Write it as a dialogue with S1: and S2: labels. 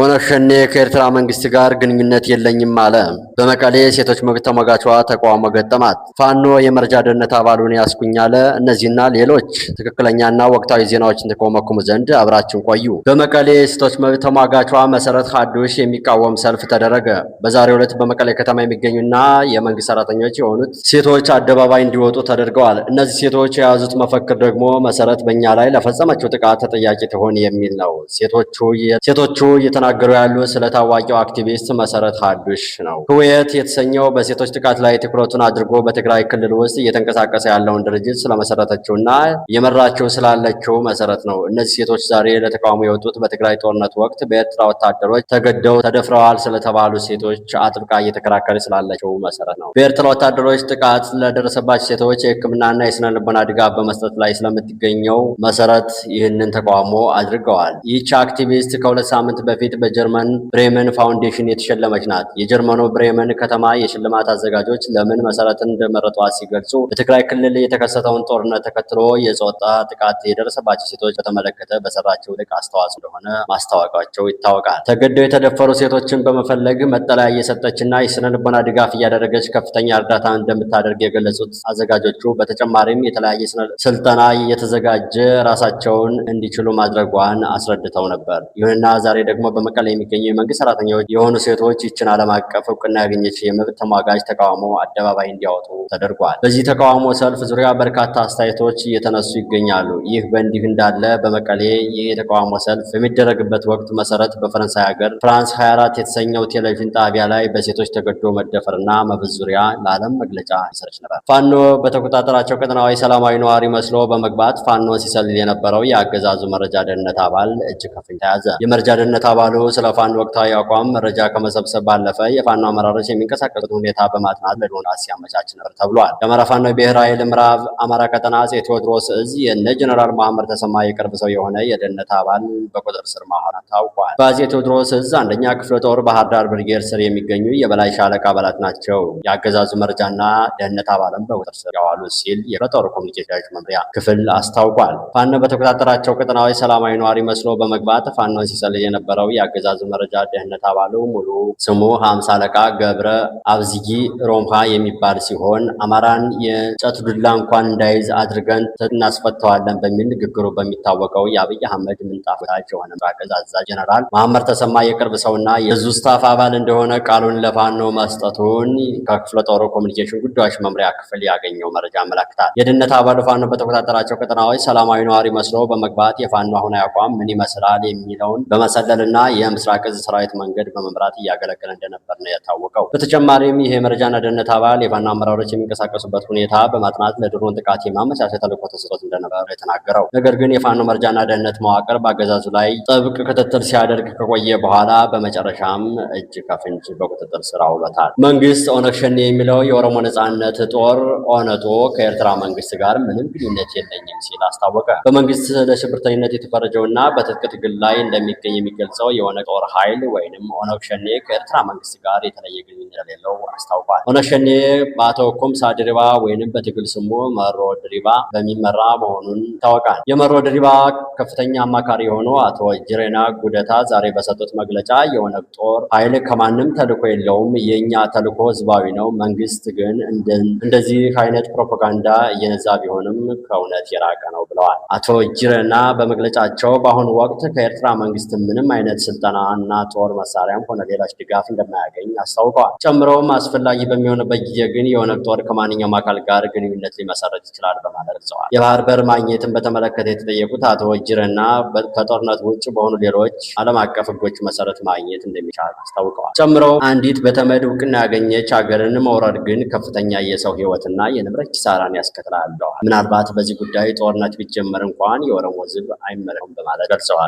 S1: ኦነግ ሸኔ ከኤርትራ መንግስት ጋር ግንኙነት የለኝም አለ። በመቀሌ ሴቶች መብት ተሟጋቿ ተቃውሞ ገጠማት። ፋኖ የመረጃ ደህንነት አባሉን ያስኩኝ አለ። እነዚህና ሌሎች ትክክለኛና ወቅታዊ ዜናዎችን ተቆመኩሙ ዘንድ አብራችን ቆዩ። በመቀሌ ሴቶች መብት ተሟጋቿ መሰረት ሀዱሽ የሚቃወም ሰልፍ ተደረገ። በዛሬው ዕለት በመቀሌ ከተማ የሚገኙና የመንግስት ሰራተኞች የሆኑት ሴቶች አደባባይ እንዲወጡ ተደርገዋል። እነዚህ ሴቶች የያዙት መፈክር ደግሞ መሰረት በእኛ ላይ ለፈጸመችው ጥቃት ተጠያቂ ትሆን የሚል ነው። ሴቶቹ እየተናገሩ ያሉ ስለ ታዋቂው አክቲቪስት መሰረት ሀዱሽ ነው። ህውየት የተሰኘው በሴቶች ጥቃት ላይ ትኩረቱን አድርጎ በትግራይ ክልል ውስጥ እየተንቀሳቀሰ ያለውን ድርጅት ስለመሰረተችውና እየመራችው ስላለችው መሰረት ነው። እነዚህ ሴቶች ዛሬ ለተቃውሞ የወጡት በትግራይ ጦርነት ወቅት በኤርትራ ወታደሮች ተገደው ተደፍረዋል ስለተባሉ ሴቶች አጥብቃ እየተከራከረ ስላለችው መሰረት ነው። በኤርትራ ወታደሮች ጥቃት ለደረሰባቸው ሴቶች የህክምናና የስነ ልቦና ድጋፍ በመስጠት ላይ ስለምትገኘው መሰረት ይህንን ተቃውሞ አድርገዋል። ይህች አክቲቪስት ከሁለት ሳምንት በፊት በጀርመን ብሬመን ፋውንዴሽን የተሸለመች ናት። የጀርመኑ ብሬመን ከተማ የሽልማት አዘጋጆች ለምን መሰረትን እንደመረጧት ሲገልጹ በትግራይ ክልል የተከሰተውን ጦርነት ተከትሎ የጾታ ጥቃት የደረሰባቸው ሴቶች በተመለከተ በሰራቸው ልቅ አስተዋጽኦ እንደሆነ ማስታወቃቸው ይታወቃል። ተገደው የተደፈሩ ሴቶችን በመፈለግ መጠለያ እየሰጠችና የስነ ልቦና ድጋፍ እያደረገች ከፍተኛ እርዳታ እንደምታደርግ የገለጹት አዘጋጆቹ በተጨማሪም የተለያየ ስልጠና እየተዘጋጀ ራሳቸውን እንዲችሉ ማድረጓን አስረድተው ነበር። ይሁንና ዛሬ ደግሞ በመቀሌ የሚገኙ የመንግስት ሰራተኞች የሆኑ ሴቶች ይችን ዓለም አቀፍ እውቅና ያገኘች የመብት ተሟጋጅ ተቃውሞ አደባባይ እንዲያወጡ ተደርጓል። በዚህ ተቃውሞ ሰልፍ ዙሪያ በርካታ አስተያየቶች እየተነሱ ይገኛሉ። ይህ በእንዲህ እንዳለ በመቀሌ ይህ የተቃውሞ ሰልፍ በሚደረግበት ወቅት መሰረት በፈረንሳይ ሀገር ፍራንስ 24 የተሰኘው ቴሌቪዥን ጣቢያ ላይ በሴቶች ተገዶ መደፈርና መብት ዙሪያ ለዓለም መግለጫ ይሰረች ነበር። ፋኖ በተቆጣጠራቸው ቀጠናዊ ሰላማዊ ነዋሪ መስሎ በመግባት ፋኖ ሲሰልል የነበረው የአገዛዙ መረጃ ደህንነት አባል እጅ ከፍኝ ተያዘ። የመረጃ ደህንነት አባል አባሉ ስለ ፋኖ ወቅታዊ አቋም መረጃ ከመሰብሰብ ባለፈ የፋኖ አመራሮች የሚንቀሳቀሱን ሁኔታ በማጥናት ለዶና ሲያመቻች ነበር ተብሏል። የአማራ ፋኖ ብሔራዊ ኃይል ምዕራብ አማራ ቀጠና አጼ ቴዎድሮስ እዝ የነ ጀነራል መሐመድ ተሰማ የቅርብ ሰው የሆነ የደህንነት አባል በቁጥር ስር መሆኑ ታውቋል። በአጼ ቴዎድሮስ እዝ አንደኛ ክፍለ ጦር ባህር ዳር ብርጌድ ስር የሚገኙ የበላይ ሻለቃ አባላት ናቸው። የአገዛዙ መረጃና ደህንነት አባልም በቁጥር ስር ያዋሉ ሲል የክፍለ ጦር ኮሚኒኬሽን መምሪያ ክፍል አስታውቋል። ፋኖ በተቆጣጠራቸው ቀጠናዎች ሰላማዊ ነዋሪ መስሎ በመግባት ፋኖን ሲሰልል የነበረው የአገዛዙ መረጃ ደህንነት አባሉ ሙሉ ስሙ ሀምሳ አለቃ ገብረ አብዝጊ ሮምሃ የሚባል ሲሆን አማራን የእንጨት ዱላ እንኳን እንዳይዝ አድርገን እናስፈተዋለን በሚል ንግግሩ በሚታወቀው የአብይ አህመድ ምንጣፍ በታች የሆነ አገዛዛ ጀነራል መሐመድ ተሰማ የቅርብ ሰውና የዙ ስታፍ አባል እንደሆነ ቃሉን ለፋኖ መስጠቱን ከክፍለ ጦሩ ኮሚኒኬሽን ጉዳዮች መምሪያ ክፍል ያገኘው መረጃ አመላክታል። የደህንነት አባሉ ፋኖ በተቆጣጠራቸው ቀጠናዎች ሰላማዊ ነዋሪ መስሎ በመግባት የፋኖ አሁን አቋም ምን ይመስላል የሚለውን በመሰለልና የምስራቅ እዝ ሰራዊት መንገድ በመምራት እያገለገለ እንደነበር ነው የታወቀው። በተጨማሪም ይህ የመረጃና ደህንነት አባል የፋኖ አመራሮች የሚንቀሳቀሱበት ሁኔታ በማጥናት ለድሮን ጥቃት የማመቻቸ ተልዕኮ ተሰጥቶት እንደነበር የተናገረው፣ ነገር ግን የፋኖ መረጃና ደህንነት መዋቅር በአገዛዙ ላይ ጥብቅ ክትትል ሲያደርግ ከቆየ በኋላ በመጨረሻም እጅ ከፍንጅ በቁጥጥር ስር አውሎታል። መንግስት ኦነግ ሸኔ የሚለው የኦሮሞ ነጻነት ጦር ኦነቶ ከኤርትራ መንግስት ጋር ምንም ግንኙነት የለኝም ሲል አስታወቀ። በመንግስት ለሽብርተኝነት የተፈረጀውና በትጥቅ ትግል ላይ እንደሚገኝ የሚገልጸው የሆነ ጦር ኃይል ወይንም ኦነግ ሸኔ ከኤርትራ መንግስት ጋር የተለየ ግንኙነት እንደሌለው አስታውቋል። ኦነግ ሸኔ በአቶ ኩምሳ ድሪባ ወይንም በትግል ስሙ መሮ ድሪባ በሚመራ መሆኑን ይታወቃል። የመሮ ድሪባ ከፍተኛ አማካሪ የሆኑ አቶ ጅሬና ጉደታ ዛሬ በሰጡት መግለጫ የኦነግ ጦር ኃይል ከማንም ተልኮ የለውም፣ የእኛ ተልኮ ህዝባዊ ነው። መንግስት ግን እንደዚህ አይነት ፕሮፓጋንዳ እየነዛ ቢሆንም ከእውነት የራቀ ነው ብለዋል። አቶ ጅሬና በመግለጫቸው በአሁኑ ወቅት ከኤርትራ መንግስት ምንም አይነት ስልጠና እና ጦር መሳሪያም ሆነ ሌላች ድጋፍ እንደማያገኝ አስታውቀዋል። ጨምረውም አስፈላጊ በሚሆንበት ጊዜ ግን የኦነግ ጦር ከማንኛውም አካል ጋር ግንኙነት ሊመሰረት ይችላል በማለት ገልጸዋል። የባህር በር ማግኘትን በተመለከተ የተጠየቁት አቶ ወጅርና ከጦርነት ውጭ በሆኑ ሌሎች ዓለም አቀፍ ህጎች መሰረት ማግኘት እንደሚቻል አስታውቀዋል። ጨምረው አንዲት በተመድ እውቅና ያገኘች ሀገርን መውረድ ግን ከፍተኛ የሰው ህይወትና የንብረት ኪሳራን ያስከትላል ብለዋል። ምናልባት በዚህ ጉዳይ ጦርነት ቢጀመር እንኳን የኦሮሞ ዝብ አይመረም በማለት ገልጸዋል።